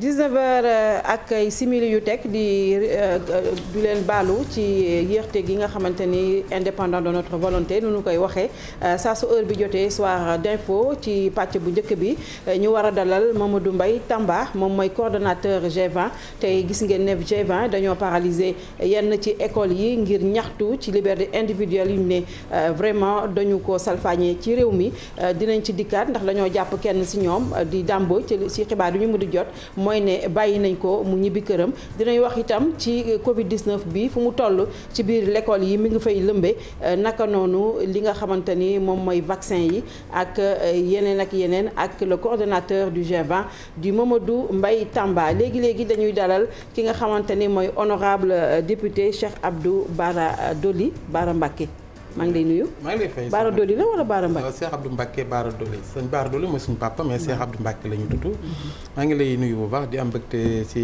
19 heures euh, ak ay simili yu teg di euh, du leen baalu ci yéexte gi nga xamante ni indépendant de notre volonté nu ñu koy waxee euh, saa su heure bi jotee soir d'info ci pàcc bu njëkk bi ñu war a dalal Mamadou Mbaye Tamba moom mooy coordonnateur G20 tey gis ngeen ne g dañoo paralysé yenn ci école yi ngir ñaxtu ci liberté individuelle yu ne vraiment dañu ko salfaañee ci réew mi dinañ ci dikkaat ndax dañoo jàpp kenn si ñoom di dàmbo ci xibaar duñu ñu mën di jot. mooy ne bàyyi nañ ko mu ñibbi këram dinañ wax itam ci Covid 19 bi fu mu toll ci biir lekkool yi mi ngi fay lëmbe euh, naka noonu li nga xamante ni moom mooy vaccin yi ak euh, yeneen ak yeneen ak le coordinateur du di 20 du mbay Mbaye Tamba léegi léegi dañuy dalal ki nga xamante ni mooy honorable euh, député Cheikh Abdou Bara Dolly Bara Mbacké maa ngi lay nuyu. maa ngi lay fay Baara Doli la wala Baara Mbacke. waaw euh, Cheikh Abdou Mbacke Baara Doli sëñ Baara Doli mooy suñu papa mais Cheikh Abdou Mbacke la ñu tudd. Mm-hmm. maa ngi lay nuyu bu baax di am mbégte ci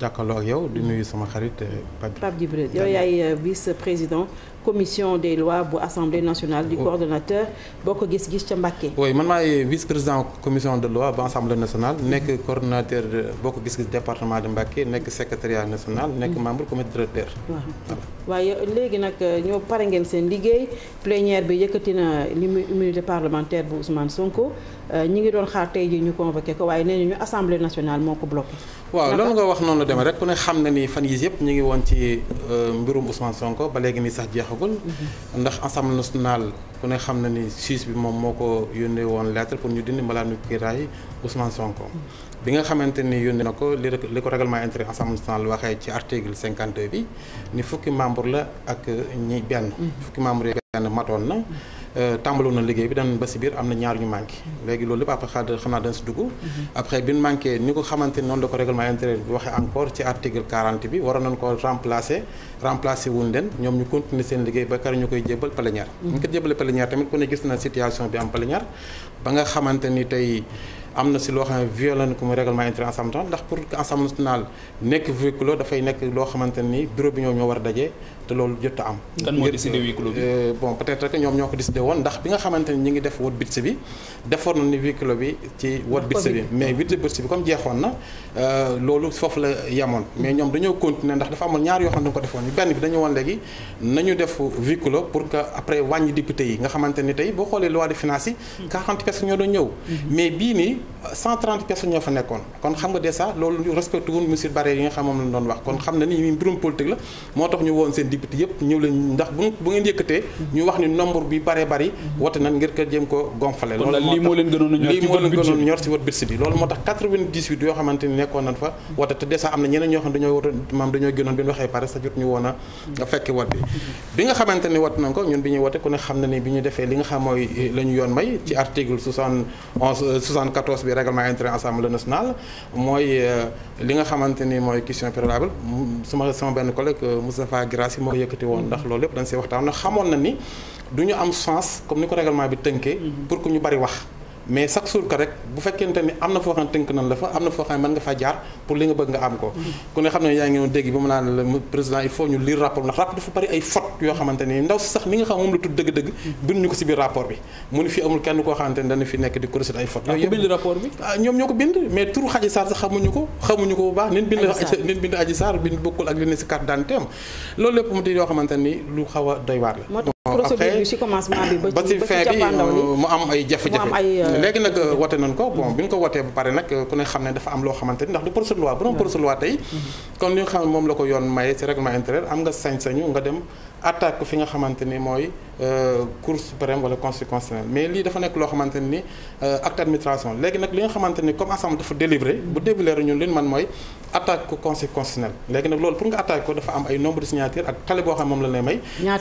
jàkkaarloo ak yow di nuyu sama xarit euh, Pape. Pape Djibril yow yaay euh, vice président commission de lois bu assemblée nationale. du boo ko Gis Gis ca Mbacké. oui man maay vice président commission de loi bu assemblée nationale. nekk coordonnateur Bokk Gis Gis département de Mbacké nekk secrétariat national. nekk mm-hmm. membre comité directeur. waaw waaye léegi nag euh, ñoo pare ngeen seen liggéey plénière bi yëkkati na immunité parlementaire bu Ousmane Sonko euh, ñi ngi doon xaar tey jii ñu convoqué ko waaye nee ñu assemblée nationale moo ko bloqué. waaw loolu nga wax noonu la demee rek ku ne xam na fan yii yëpp ñu ngi woon ci euh, mbirum Ousmane Sonko ba léegi nii sax jeexagul. amagul. ndax assemblée nationale ku ne xam na ni siis bi moom moo ko yónnee woon lettre pour ñu dindi mbalaanu kiiraay Ousmane Sonko. bi nga xamante ni yónnee na ko li li ko règlement intérieur assemblée nationale waxee ci article cinquante bi ni fukki membre la ak ñi benn. Mm. fukki membre yi benn matoon na. Euh, tàmbaloon na liggéey bi dem ba si biir am na ñaar ñu manqué léegi loolu lépp après xam naa dañ si dugg mhm. après bi ñu manqué ni ko xamante noonu la ko règlement intérieur bi waxee encore ci article 40 bi waroon nañ ko remplacer remplacer wuñ leen ñoom ñu continuer seen liggéey ba kar ñu koy jébal plénière mhm. ñu ko jébale plénière tamit ku ne gis na situation bi am plénière ba nga xamante ni tey am na si loo xam ne violent ko mu règlement intérieur Assemblée nationale nekk véhicule dafay nekk loo xamante ni bureau bi ñoom ñoo war a daje te loolu jot am. kan moo décidé huis clos bi euh, euh, bon peut-être que ñoom ñoo ko décidé woon ndax bi nga xamante ni ñu ngi def wot bitse bi defoon na ni huis bi ci wot bitse bi mais huis bi comme jeexoon na euh, loolu foofu la yemoon mais ñoom dañoo continuer ndax dafa amoon ñaar yoo xam ne ko defoon benn bi dañu woon léegi nañu def huis pour que après wàññi député yi nga xamante ni boo xoolee loi de finance yi 40 personnes ñoo doon ñëw mhm. mais bii nii 130 ñoo fa nekkoon kon xam nga déjà loolu respecté wun monsieur Barre yi nga xam moom lañ député yëpp ñëw leen ndax bu bu ngeen yëkkatee ñu wax ni nombre bi bare bari wote nan ngir ko jéem ko gonfale loolu lii moo leen gënoon a ñor si vote bitsi bi loolu moo tax 98 yoo xamante ni nekkoon nañ fa wote te des am na ñeneen ñoo xam dañoo wote maam dañoo gënoon bi ñu waxee pare sa jot ñu woon a fekki wote bi bi nga xamante ni wote ko ñun bi ñuy wote ku ne xam na ni bi ñu defee li nga xam mooy la yoon may ci article 71 74 bi règlement intérieur assemblée nationale mooy euh, li nga xamante ni mooy question préalable suma sama benn collègue euh, Moustapha Guirassy moo ko yëkkati woon ndax loolu yëpp dañ see waxtaan na xamoon na ni du ñu am chance comme ni ko règlement bi tënkee mm-hmm. pour que ñu bari wax mais chaque jour que rek bu fekkente ni am na foo xam ne tënk nañ la fa am na foo xam ne mën nga faa jaar pour li nga bëgg nga am ko mm-hmm. ku ne xam ne yaa ngi woon dégg ba mu naan la président il faut ñu ndaw si sax li nga xam moom la tudd dëgg-dëgg mm-hmm. bind ñu ko si biir rapport bi mu ni fi amul kenn koo xamante ni dana fi nekk di corriger ay fautes yooyu ah, bind ah, ñoom ñoo ko bind mais turu Adji sax xamuñu ko xamuñu ko bu baax nin bind nin bind bokkul ak li ne si carte d'identité am loolu lépp mu di yoo a waar la procédure bi ci commencement bi ba ci fin bi mu am ay jafe-jafe euh, léegi nag euh, wote nañ ko mm-hmm. bon bi ñu ko wotee ba pare nag euh, ku ne xam ne dafa am loo xamante ni ndax du procédure loi bu doon mm-hmm. procédure loi tey mm-hmm. kon li xam moom la ko yoon maye ci règlement intérieur am nga sañ-sañu nga dem attaque ko fi nga xamante ni mooy euh, cour suprême wala conseil constitutionnel mais lii dafa nekk loo xamante ni euh, acte administration léegi nag li nga xamante ni comme assemblée dafa délivré bu délivré ñun li ñu man mooy attaque ko conseil constitutionnel léegi nag loolu pour nga attaque ko dafa am ay nombre de signature ak tali boo xam moom la lay may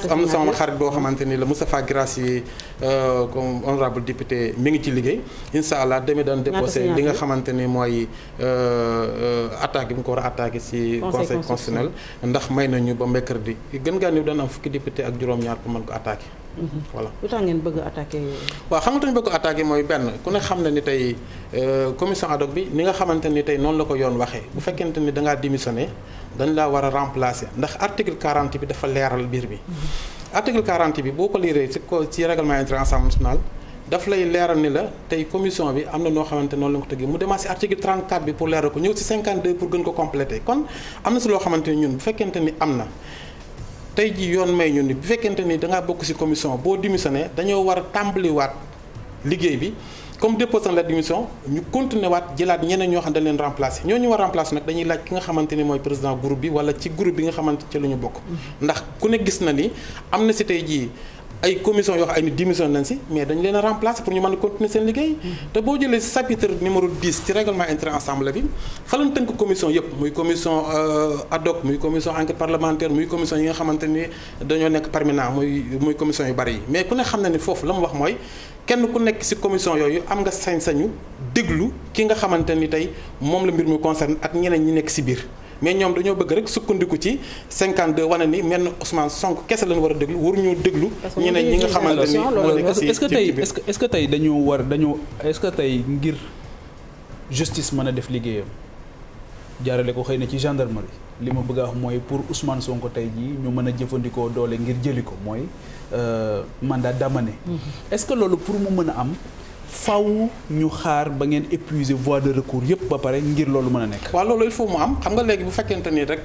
am na sama xarit boo xamante ni la Moustapha Guirassy euh, comme honorable député mi ngi ci liggéey incha allah demee daan déposé li nga xamante ni mooy attaque bi mu ko war a attaqué si conseil constitutionnel ndax may nañu ba mercredi gën gaa néew dana fukki député ak juróom-ñaar pour mën ko attaqué. Mhm. voilà lu tax ngeen bëgg attaqué. waaw xam nga ñu bëgg attaqué mooy benn ku ne xam na ni tey euh, commission ad bi ni nga xamante ni tey noonu la ko yoon waxee bu fekkente ni da ngaa démissionné dañ la war a remplacer ndax article 40 bi dafa leeral biir bi. Mhm. article 40 bi boo ko liiree ci ko ci règlement intérieur Assemblée nationale daf lay leeral ni la tey commission bi am na noo xamante noonu la ko tëggee loo xamante ni ñun bu fekkente ni am na. tey ji yoon may ñu ni bu fekkente ni da ngaa bokk ci commission boo démissionné dañoo war a tàmbaliwaat liggéey bi comme déposant la démission ñu continuer waat jëlaat ñeneen ñoo xam dañ leen remplacer ñoo ñu war remplacer nag dañuy laaj ki nga xamante mooy président groupe bi wala ci groupe bi nga xamante ci lu ñu bokk ndax ku ne gis na ni am na si tey jii ay commission yoo xam ay ni démission nañ si mais dañu leen a remplacer pour ñu mën a continuer seen liggéey te boo jëlee chapitre numéro 10 ci règlement intérieur assemblée bi fa lañ tënk commission yëpp muy euh, nga xamante ni dañoo nekk permanent muy yu bari yi ku ne xam na ni foofu la mu wax mooy kenn ku nekk ci commission yooyu am nga sañ-sañu déglu ki nga xamante ni tey moom la mbir mi concerne ak ñeneen ñi nekk ci biir mais ñoom dañoo bëgg rek sukkandiku ci 52 wane ni mel na Ousmane Sonko kese lañu war a déglu waruñoo déglu. ñeneen ñi nga xamante ni moo nekk ci est-ce que tey est-ce que dañu war dañu est que tey ngir justice mën a def liggéeyam jaarale ko xëy na ci gendarmerie. li ma bëgg a wax mooy pour Ousmane Sonko tey jii ñu mën a jëfandikoo doole ngir jëli ko mooy euh, mandat d'amener. Mm-hmm. est-ce que loolu pour mu mën a am. faw ñu xaar ba ngeen épuiser voie de recours yëpp ba pare ngir loolu mën a nekk. waaw loolu il faut mu am xam nga léegi bu fekkente ni rek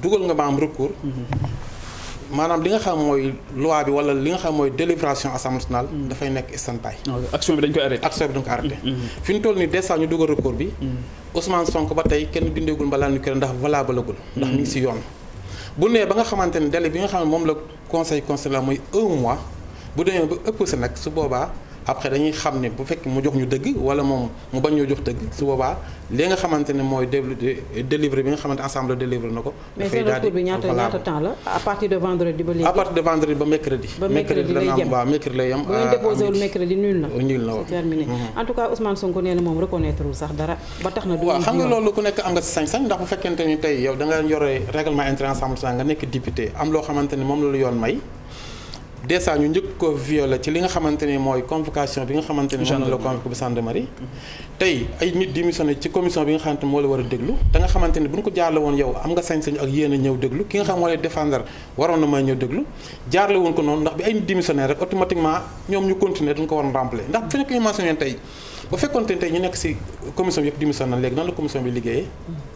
dugal nga ma am recours. Mm-hmm. maanaam li nga xam mooy loi bi wala li nga xam mooy délibération assemblée mm. dafay nekk istantaay. action bi dañ koy arrêté. action bi dañ koy arrêté. Mm, mm, fi ñu toll nii des fois ñu dugal recours bi. Ousmane Sonko ba tey kenn dindeegul mbalaan ñu kenn ndax valable gul. ndax mi ngi si yoon. bu nee ba nga xamante ne délai bi nga xam ne moom la conseil constitutionnel mooy un mois bu demee ba ëpp si nag su boobaa. après dañuy xam ne bu fekk mu jox ñu dëgg wala moom mu bañ ñoo jox dëgg su boobaa li nga xamante ne mooy délivré bi nga xamante ensemble délivré na ko. dafay daal di mais seen recours bi ñaata ñaata temps la à partir de vendredi ba léegi. à mercredi. ba mercredi lay yem waaw mercredi lay yem. bu ngeen euh, déposé wul mercredi nul na. nul na waaw c'est terminé mm-hmm. en tout cas Ousmane Sonko nee na moom reconnaître wul sax dara. ba tax na du waaw xam nga loolu ku nekk am nga si sañ-sañ ndax bu ni tey yow da nga yore règlement intérieur nga nekk député am loo xamante ni moom la yoon may dèjà ñu njëkk ko violé ci li nga xamante ni mooy convocation bi nga xamante ni moom la convoqué bu gendarmerie mhm. tey ay nit la a déglu da nga woon yow am nga sañ-sañu ak yéen a ñëw déglu ki nga xam moo lay défendre waroon na may ñëw déglu jaarle woon ko noonu ndax bi ay nit démissionné rek automatiquement ñoom ñu continuer dañ ko waroon remplir ndax bu fekkoon tey ñu nekk si commission bi yëpp démission na léegi nan la commission bi liggéeyee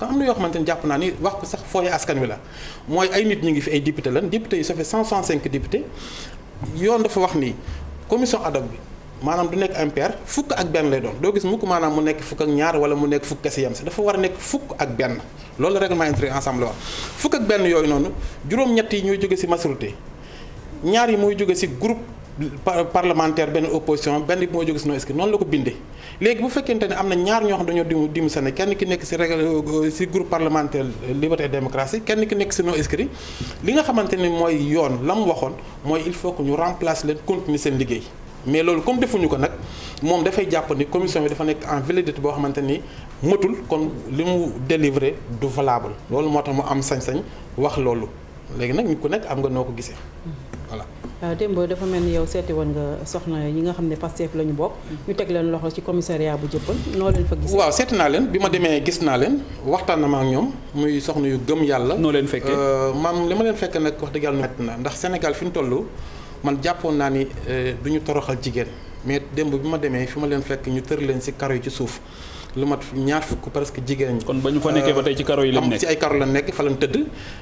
kon am na yoo xamante naa ni wax ko sax fooyee askan ngi fi ay député lan député yi ça fait yoon dafa wax ni commission ad hoc bi maanaam du nekk impair fukk ak benn lay doom doo gis mukk maanaam mu nekk fukk ak ñaar wala mu nekk fukk kese yam si dafa war a nekk fukk ak benn loolu règlement intérieur ensemble wax fukk ak benn yooyu noonu juróom-ñett yi ñooy jóge si majorité ñaar yi mooy jóge si groupe parlementaire benn opposition benn bi moo jóge si non inscrit noonu la ko bindee léegi bu fekkente ne am na ñaar ñoo xam dañoo dimu dimu sane kenn ki nekk si régal euh, si groupe parlementaire euh, liberté démocratie kenn ki nekk si non inscrit li nga xamante ni mooy yoon la mu waxoon mooy il faut que ñu remplace leen continuer seen liggéey mais loolu comme defuñu ko nag moom dafay jàpp ni commission bi dafa nekk en validité boo xamante ni matul kon li mu délivré du valable loolu moo tax mu am sañ-sañ wax loolu léegi nag ñu ko am nga noo ko gisee Euh, démb dafa mel ni yow seeti woon nga soxna yi nga xam ne Pastef la ñu bokk. ñu teg leen loxo ci commissariat bu jëppal noo leen fa gis. waaw naa leen bi ma demee gis naa waxtaan na ma ñoom muy soxna yu gëm yàlla. noo leen fekkee euh, man li ma leen fekkee nag wax dëgg yàlla métti na ndax Sénégal fi ñu toll man jàppoon naa ni euh, du ñu toroxal jigéen mais démb bi ma demee fi ma leen fekk ñu tër leen si karo yi ci suuf. lu mat ñaar fukk presque jigéen ñi. kon ba ñu fa nekkee ba tey ci karo yi lañ nekk ci ay karo la nekk fa lañ tëdd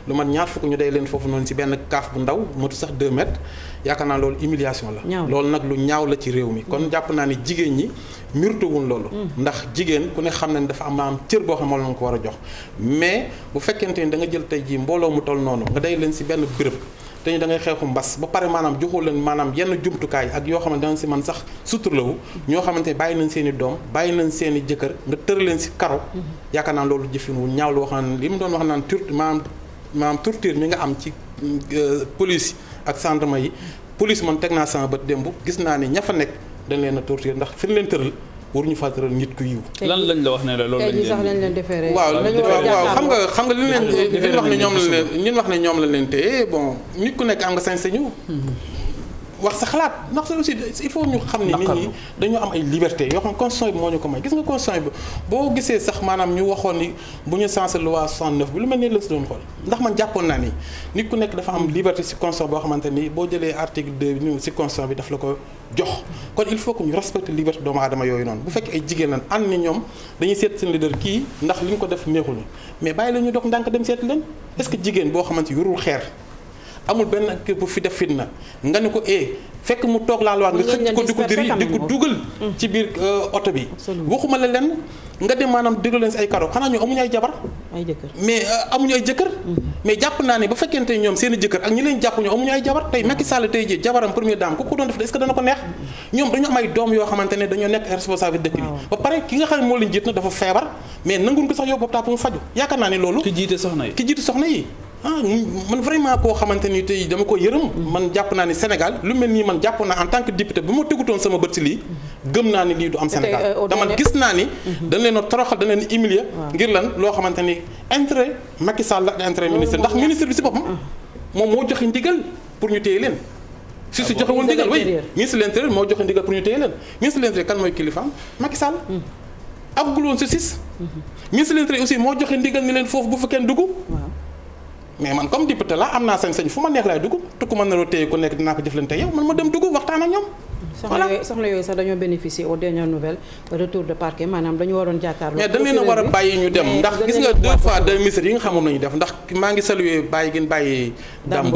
lu mat ñaar fukk ñu day leen foofu noonu ci benn kaaf bu ndaw motu sax 2 mètres yaakaar naa loolu humiliation la. loolu nag lu ñaaw la ci réew mi kon mm. jàpp naa ne jigéen ñi murto murtuwuñ loolu. Mm. ndax jigéen ku ne xam na ne dafa am am cër boo xam ne ko war a jox mais bu fekkente ni da nga jël tey jii mbooloo mu toll noonu day leen ci benn bërëb te ñu da ngay xeexu mbas ba pare maanaam joxoo leen maanaam yenn jumtukaay ak yoo xamante danga si man sax suturlawu ñoo xamante bàyyi nañ seen i doom bàyyi nañ seeni i jëkkër nga tër leen si karo mm-hmm. yaakaar naa loolu jëfin wu ñaaw lu waxaan li mu doon wax naan tur maanaam maanaam torture mi nga am ci euh, police ak sandama yi police man teg naa sama bët démb gis naa ne ña fa nekk dañ leen a torture ndax fi ñu leen tëral waruñu ñu ren nit ku yiw. lan lañ la wax ne la sax lañ leen di tey waaw waaw xam nga xam nga li leen. li wax ne ñoom la leen ñun wax ne ñoom la leen téye bon nit ku nekk am nga sañ-sañu hmm. wax sa xalaat ndax aussi il faut ñu xam ne nit ñi dañoo am ay liberté yoo xam constitution bi moo ñu ko may gis nga constitution bi boo gisee sax maanaam ñu waxoon ni bu ñu sensé loi 69 bi lu mel ne la si ndax man jàppoon naa ni nit ku nekk dafa am liberté si constitution boo xamante ni boo jëlee article 2 si constitution bi daf la ko jox kon il faut que ñu respecter yooyu noonu bu fekkee jigéen lan ànd ni ñoom seet seen leader kii ndax li ñu ko def neexul mais bàyyi la ñu dox ndànk dem seet leen que jigéen boo xamante yorul xeer amul benn kii bu fi def fitna nga ne ko eh fekk mu toog laal luwaat nga xëcc ko di ko dugal mm. ci biir euh, oto bi waxuma la leen nga dem maanaam déglu leen si ay karo xanaa ñu amuñu ay jabar mais euh, amuñu ay jëkkër mm-hmm. mais jàpp naa ne ba fekkente ñoom seen jëkkër ak ñi leen jàpp ñu amuñu ay jabar tey Macky Sall tey ji jabaram première dame ku ko doon def est-ce dana ko neex ñoom dañu am ay doom yoo xamante ne dañoo nekk responsable dëkk bi ah, ba pare ki nga xam ne moo leen jiit na dafa feebar mais ah man vraiment koo xamante ni tey dama ko yërëm man jàpp naa ni Sénégal lu mel nii man jàpp naa en tant que député bu ma tegutoon sama bët si lii gëm naa ni lii du am Sénégal euh, dama gis naa ni mhm. dañ leen a toroxal dañ leen a ngir lan loo xamante ni intérêt Macky Sall la intérêt ministre ndax oh, ministre bi si boppam moom moo joxe ndigal pour ñu téye leen si si joxe woon ndigal oui ministre de l'intérieur moo joxe ndigal pour ñu téye leen ministre de l'intérieur mooy kilifaam Macky Sall mm. aggul woon si sis mm-hmm. ministre de l'intérieur moo joxe ndigal ni leen foofu bu fa kenn mais man comme député laa am naa sañ-sañ fu ma neex laay dugg tukku mën na loo téye ku nekk dinaa ko jëflante yow man ma dem dugg waxtaan ak ñoom. voilà soxna yooyu soxna yooyu sax dañoo bénéficier aux dernières nouvelles retour de parquet maanaam dañu waroon jàkkaarloo. mais dañ a war a bàyyi ñu dem ndax gis nga deux fois deux ministres yi nga xam moom def ndax maa ngi saluer bàyyi gën bàyyi. Dame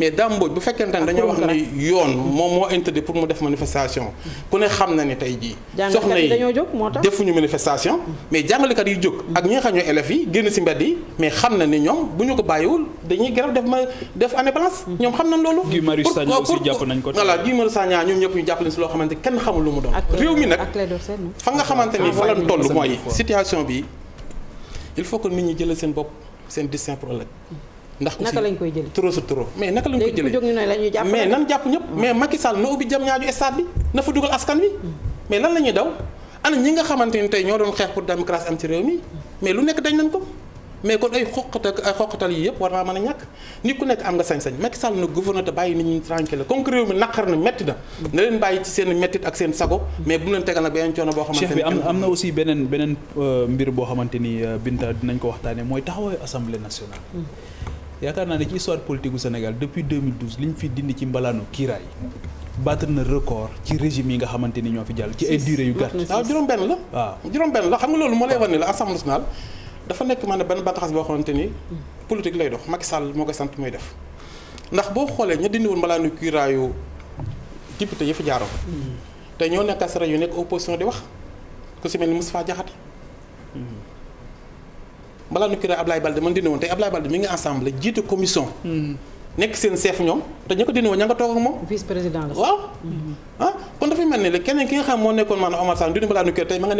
mais Dame Mbodj bu fekkente ne dañoo wax ni yoon moom moo interdit pour mu def manifestation ku ne xam na ne tey jii soxna yi defuñu manifestation mais jàngalekat yi jóg ak ñi nga xam ñoo élèves yi si mbedd yi mais xam na ni ñoom bu ñu ko bàyyiwul dañuy grève def ma def année blanche ñoom xam nañ loolu Guy Marius Sagna ko voilà Guy ñëpp ñu jàpp nañ si loo xamante kenn xamul lu mu doon réew mi nag fa nga xamante ni fa lañ seen bopp seen destin pour ëllëg ndax aussi naka lañ koy jëlee trop c'est trop mais naka lañ koy jëlee léegi ku jóg ñu jàpp mais nan jàpp ñëpp mais Macky Sall na ubbi jam ñaaju stade bi na fa dugal askan wi mais lan la ñuy daw ana ñi nga xamante ni tey ñoo doon xeex pour démocratie am ci réew mi mais lu nekk dañ nañ ko mais kon ay xoqatal ay xoqatal yi yëpp war naa mën ku nekk am nga sañ-sañ Macky Sall na gouverneur te bàyyi nit ñi tranquille comme que réew mi naqar na métti na na leen bàyyi ci seen méttit ak seen sago mais bu mu leen tegal nag beneen coono boo xamante ni am na aussi beneen beneen euh, mbir boo xamante ni euh, Binta dinañ ko waxtaanee mooy taxawaayu assemblée nationale mm. yaakaar naa ne ci histoire politique gu Sénégal depuis 2012 li ñu fi dindi ci mbalaanu kiiraay battre na record ci régime yi nga xamante ni ñoo fi jàll ci ay durée yu gàtt. waaw ah, juróom-benn la. waaw ah. juróom-benn xam nga loolu moo lay wan ni la assemblée nationale dafa nekk maanaam benn bànqaas boo xamante ni politique lay dox Macky Sall moo koy sant muy def ndax boo xoolee ñu dindi woon mbalaanu kiiraayu député yi fi jaaroon. Hmm. te ñoo nekk asara yu nekk opposition di wax ku si mel ni Moustapha Diakhaté balaa ñu créé Ablaye Balde man dindi woon tey Ablaye Balde mi ngi ensemble jiite commission. nekk seen chef ñoom te ñu ko dindi woon mhm. ah, ki nga xam moo nekkoon maanaam Omar Sall dindi balaa ñu créé tey mhm.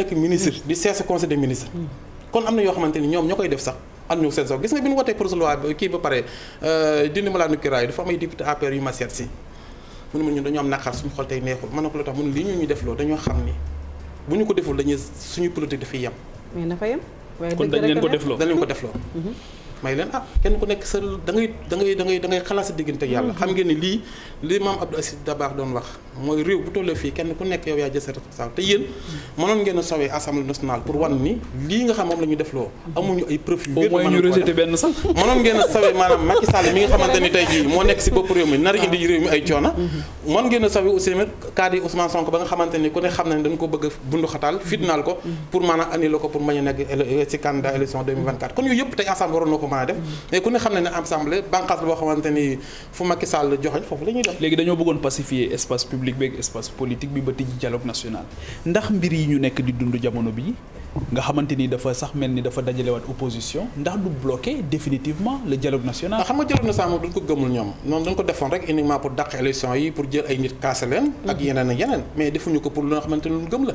am na ñoom ñoo koy def sax. ànd ñu seen sox gis nga bi ñu wootee projet loi kii ba pare euh, dindi balaa ñu créé dafa am ay député APR yu ma seet si mu ñun dañoo am naqar suñu xol tey neexul mën na ko la tax mu lii ñu ñu def loo dañoo xam ni bu ñu ko deful dañuy suñu politique dafay yem waaye kon dañ leen ko defloo dañ leen ko defloo. Mm-hmm. may leen ah kenn ku nekk sa da ngay da ngay da ngay da ngay xalaat sa diggante ak yàlla xam ngeen ni lii li maam Abdou Aziz Dabakh doon wax mooy réew bu tollee fii kenn ku nekk yow yaa jël sa responsable te yéen mënoon ngeen a sowee assemblée pour wan ni lii nga xam moom la ñu def loo amuñu ay preuve yu wér ñu ngeen a maanaam Macky Sall mi nga xamante ni tey jii moo nekk si bopp réew mi nar indi réew mi ay coono mën ngeen a sowee aussi tamit cadre na a a nekk si candidat élection ko mën a def mais ku ne xam ne ne assemblée bànqaas la boo xamante ni fu Macky Sall joxe foofu la ñuy def léegi dañoo bëggoon pacifier espace public beeg espace politique bi ba tijji dialogue national ndax mbir yi ñu nekk di dund jamono bi nga xamante ni dafa sax mel ni dafa dajalewaat opposition ndax du bloquer définitivement le dialogue national. Ah, xam nga dialogue national moom duñ ko gëmul ñoom noonu dañ ko defoon rek uniquement pour dàq élection yi pour mm-hmm. la.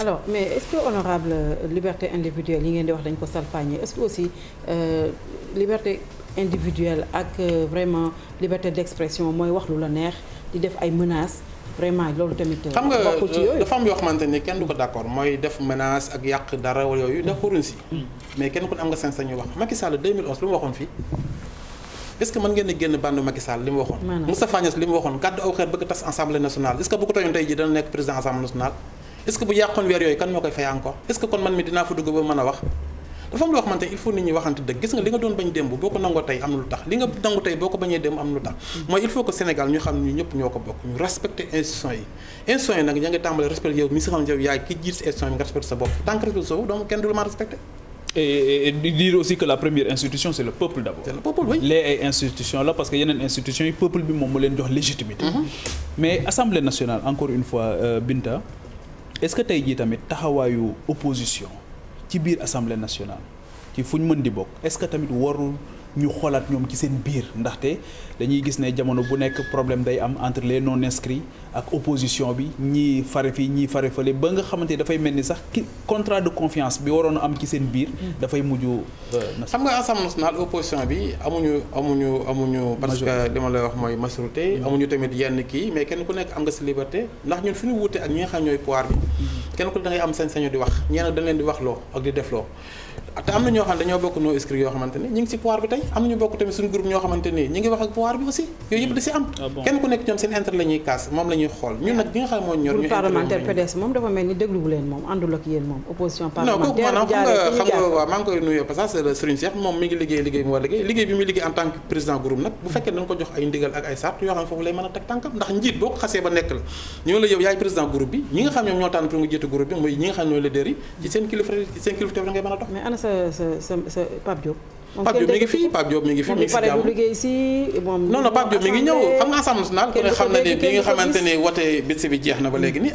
alors mais est-ce que honorable euh, liberté individuelle yi ngeen di wax dañ ko salfaañe est-ce que aussi euh, liberté individuelle ak euh, vraiment liberté d'expression mooy wax lu la neex di def ay menaces vraiment loolu tamit. Euh, xam nga dafa am yoo xamante ni kenn du ko d'accord mooy def menace ak yàq dara wala yooyu def xuruñ si. Mm. mais kenn ku am nga sañ-sañ wax Macky Sall mu waxoon fii. est-ce ngeen a génn bàndu Macky Sall li mu waxoon. Moustapha Niasse li mu est-ce que bu yàqoon weer yooyu kan moo koy fay encore est-ce que kon man mi dinaa fa dugg ba mën a wax dafa am loo xamante il faut nit ñi waxante dëgg gis nga li nga doon bañ démb boo ko nangoo tey am na lu tax li nga nangu tey boo ko bañee démb am na lu tax mm. mooy il faut que Sénégal ñu xam ne ñu ñëpp ñoo ko bokk ñu respecter institution yi institution yi nga respecter sa bopp tant que respecter sa kenn du la mën respecter Et, aussi que la première est-ce que tey jii tamit taxawaayu opposition ci biir assemblée nationale ci fu ñu mën di bokk est-ce que tamit warul ñu xoolaat ñoom ci seen biir ndaxte dañuy gis ne jamono bu nekk problème day am entre les non inscrits ak opposition bi ñii fare fii ñii fare fale ba nga xamante ni dafay mel ni sax ki contrat de confiance bi waroon am ci seen biir. Mm. dafay mujj. Euh, xam nga assemblée nationale opposition bi amuñu amuñu amuñu. parce que li ma lay wax mooy majorité. Mm. amuñu tamit yenn kii mais kenn ku nekk am nga si liberté ndax ñun fi ñu wuute ak ñu nga xam ñooy pouvoir bi. Mm. kenn ku ne dangay am sañ di wax ñenn dañ leen di wax loo ak def loo. te am na ñoo xam ne dañoo bokk non inscrits yoo xamante ne ñu ngi ci pouvoir bi tey am na ñu bokk tamit suñu groupe ñoo xamante ne ñu ngi wax ak pouvoir bi aussi yooyu yëpp da ci am ah kenn ku nekk ñoom seen intérêt la ñuy kaas moom la ñuy xool ñun nag bi nga xam moo ñor ñu parlementaire PDS moom dafa mel ni dégluwu leen moom àndul ak yéen moom opposition parlementaire non kooku maanaam xam nga xam nga waaw maa ngi koy nuyu parce que Serigne Cheikh moom mi ngi liggéey liggéey bi mu war liggéey liggéey bi muy liggéey en tant que président groupe nag bu fekkee dañ ko jox ay ndigal ak ay sart yoo xam ne foofu lay mën a teg tànkam ndax njiit boo ko xasee ba nekk la ñu la yow yaay président groupe bi ñi nga xam ñoom ñoo tànn pour nga jiitu groupe bi mooy ñi nga xam ñoo leader yi ci seen kilifa seen kilifa ngay mën a dox sa sa sa sa Pape Diop. Pape Diop mi ngi fi Pape Diop mi ngi fi mi ngi si jàmm moom non non Pape Diop mi ngi ñëw xam nga assemblée nationale ku ne xam na ne bi nga xamante ne wote bés bi jeex na ba léegi nii.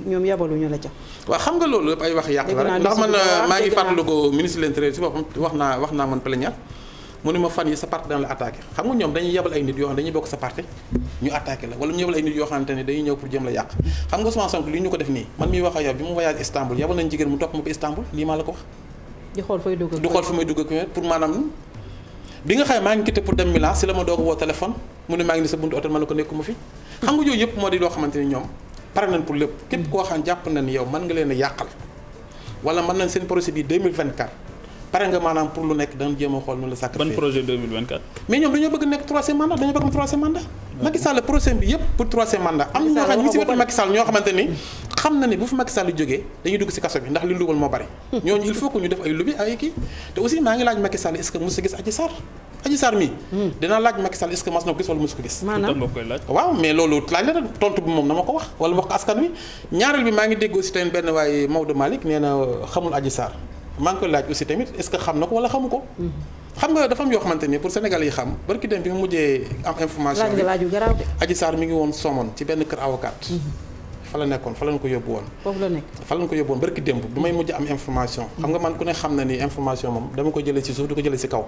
ñoom yabaluñu la ca. waaw xam nga loolu yëpp ay wax yàq la rek ndax man maa ngi fàttaliku ministre de l'intérieur si boppam wax naa wax naa man plaignard mu ne ma fan yi sa parti dana la attaqué xam nga ñoom dañuy yebal ay nit yoo xam dañuy bokk sa parti ñu attaqué la ne dañuy ñëw pour jëm la yàq xam nga sama sonk li ñu ko def nii man miy wax ak yow bi mu voyage Istanbul yebal nañ jigéen mu topp ma ko Istanbul lii maa la ko wax di xool fay dugg du xool fi may dugg ak pour maanaam bi nga xam maa ngi quitté la ma doog woo téléphone mu ne maa ngi ni yëpp moo di loo xamante ni ñoom pare nañ pour lépp képp koo xam jàpp na ni yow mën nga leen a yàqal wala mën nañ seen projet bi 2024 pare nga maanaam pour lu nekk danañ jéem a xool nu la sacrifié. ban projet 2024. mais ñoom dañoo projet bi yëpp pour troisième mandat. am na ñoo xam ne si wetu Macky Sall ñoo xamante ni. xam na ni bu fi Macky Sall jógee dañuy dugg si kaso bi ndax li luubal moo bari. Hmm. ñooñu il faut que ñu def ay lubi ay kii te aussi maa ngi laaj Macky Sall est-ce gis Adji Sarr Adji Sarr mi dinaa laaj Macky Sall est-ce que mas na ko gis wala mosu ko gis waaw mais loolu laaj la tontu bi moom na ma ko wax wala wax ko askan wi ñaareel bi maa ngi dégg aussi tamit benn waaye Maodo Malick nee na xamul Adji Sarr maa ngi koy laaj aussi tamit est-ce que xam na ko wala xamu ko xam nga dafa yoo xamante ni pour Sénégal yi xam barki dem bi mu mujjee am information Adji Sarr mi ngi woon Somone ci benn kër avocat mhm. fa la nekkoon fa lañ ko yóbbu woon foofu la nekk fa lañ ko yóbbu woon barki démb du may mujj am information xam nga man ku ne xam na ni information moom dama ko jëlee ci suuf di ko jëlee ci kaw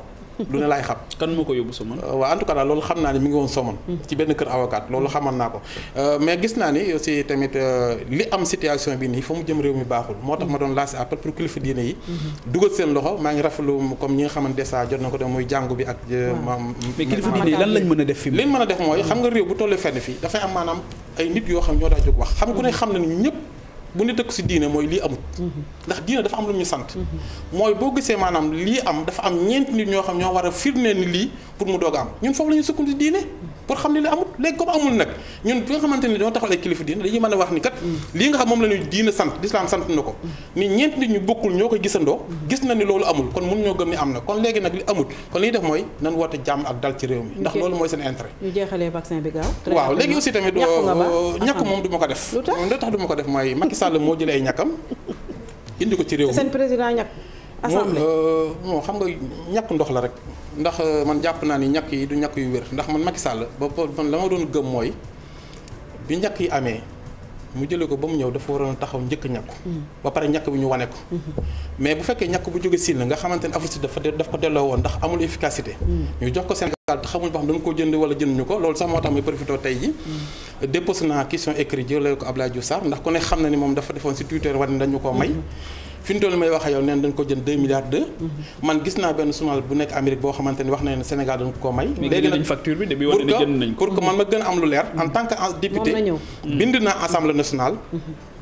lu ne laay xam. kan moo ko yóbbu Somone. Euh, waaw en tout cas loolu xam naa ne mi ngi woon Somone. Hmm. ci benn kër avocat loolu xamal naa ko. Euh, mais gis naa ni aussi tamit euh, li am situation bi nii fa mu jëm réew mi baaxul moo tax ma doon lancé appel pour kilifa diine yi. Hmm. dugal seen loxo maa ngi rafetlu comme ñi nga xamante ne jot na ko dem muy jàngu bi ak. maam kilifa diine yi lan lañ mën a def fi a mooy hmm. xam nga réew bu tollee fenn fii dafay am maanaam ay nit yoo bu ñu dëkk si diine mooy lii amut mhm. ndax diine dafa am lu ñu sant mhm. mooy boo gisee maanaam lii am dafa am ñeenti nit ñoo xam ñoo war a firnee ni lii pour mu doog am ñun foofu la ñu sukkandiku diine pour xam ne li amul léegi comme amul nag ñun bi nga xamante ni dañoo taxal ay kilifa diine dañuy mën a wax ni kat lii nga xam moom la ñuy diina sant lislaam sant na ko ni ñeent ñu bokkul ñoo ko gisandoo gis na ni loolu amul kon mun ñoo gëm ni am na kon léegi nag li amul kon li def mooy nan woote jàmm ak dal ci réew mi ndax loolu mooy seen intérêt ñu jeexalee vaccin bi gaaw waaw léegi aussi tamit ñàkk euh, moom du ko def lu tax du ko def mooy Macky Sall moo jëlee ay ñàkkam indi ko ci réew mi seen président ñàkk assemblée non euh, xam nga ñàkk ndox la rek ndax euh, man jàpp naa ni ñàkk yi du ñàkk yu wér ndax man Macky sàll ba man la ma doon gëm mooy bi ñàkk yi amee mu jëlee ko ba mu ñëw dafa waroon taxaw njëkk ñàkku hmm. ba pare ñàkk bi ñu wane ko hmm. mais bu fekkee ñàkk bu jóge siin la nga xamante ne Afrique dafa daf ko delloo woon ndax amul efficacité hmm. ñu jox ko Sénégal te xamul ba xam dañu ko jënd wala ñu ko loolu sax moo tax muy profité tey ji déposé naa question écrite jëlee ko Abdoulaye Diouf ndax ku ne xam na ni moom dafa defoon si Twitter wane dañu ko may fi ñu toll may wax ak yow neen dañ ko jënd 2 milliards 2. Mhm. man gis naa benn journal bu nekk Amérique boo xamante ni wax na ne Sénégal dañ ko may. léegi ko pour que man ma gën a am lu leer en mhm. tant que député bind naa assemblée nationale mhm.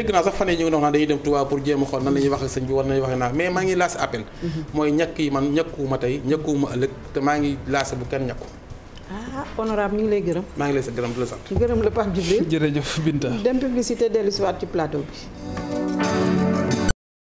dégg naa sax fan yi ñu ngi doon wax dañuy dem Touba pour jéem a xool nan la ñuy wax ak sëñ bi naa mais maa ngi laas appel mm-hmm. mooy ñàkk yi man ñàkkuwuma tey ñàkkuwuma ëllëg te maa ngi laas bu kenn ñàkku ah honorable lay gërëm maa ngi lay sa gërëm di la sant gërëm la Pape Djibril Binta dem publicité dellusiwaat ci plateau bi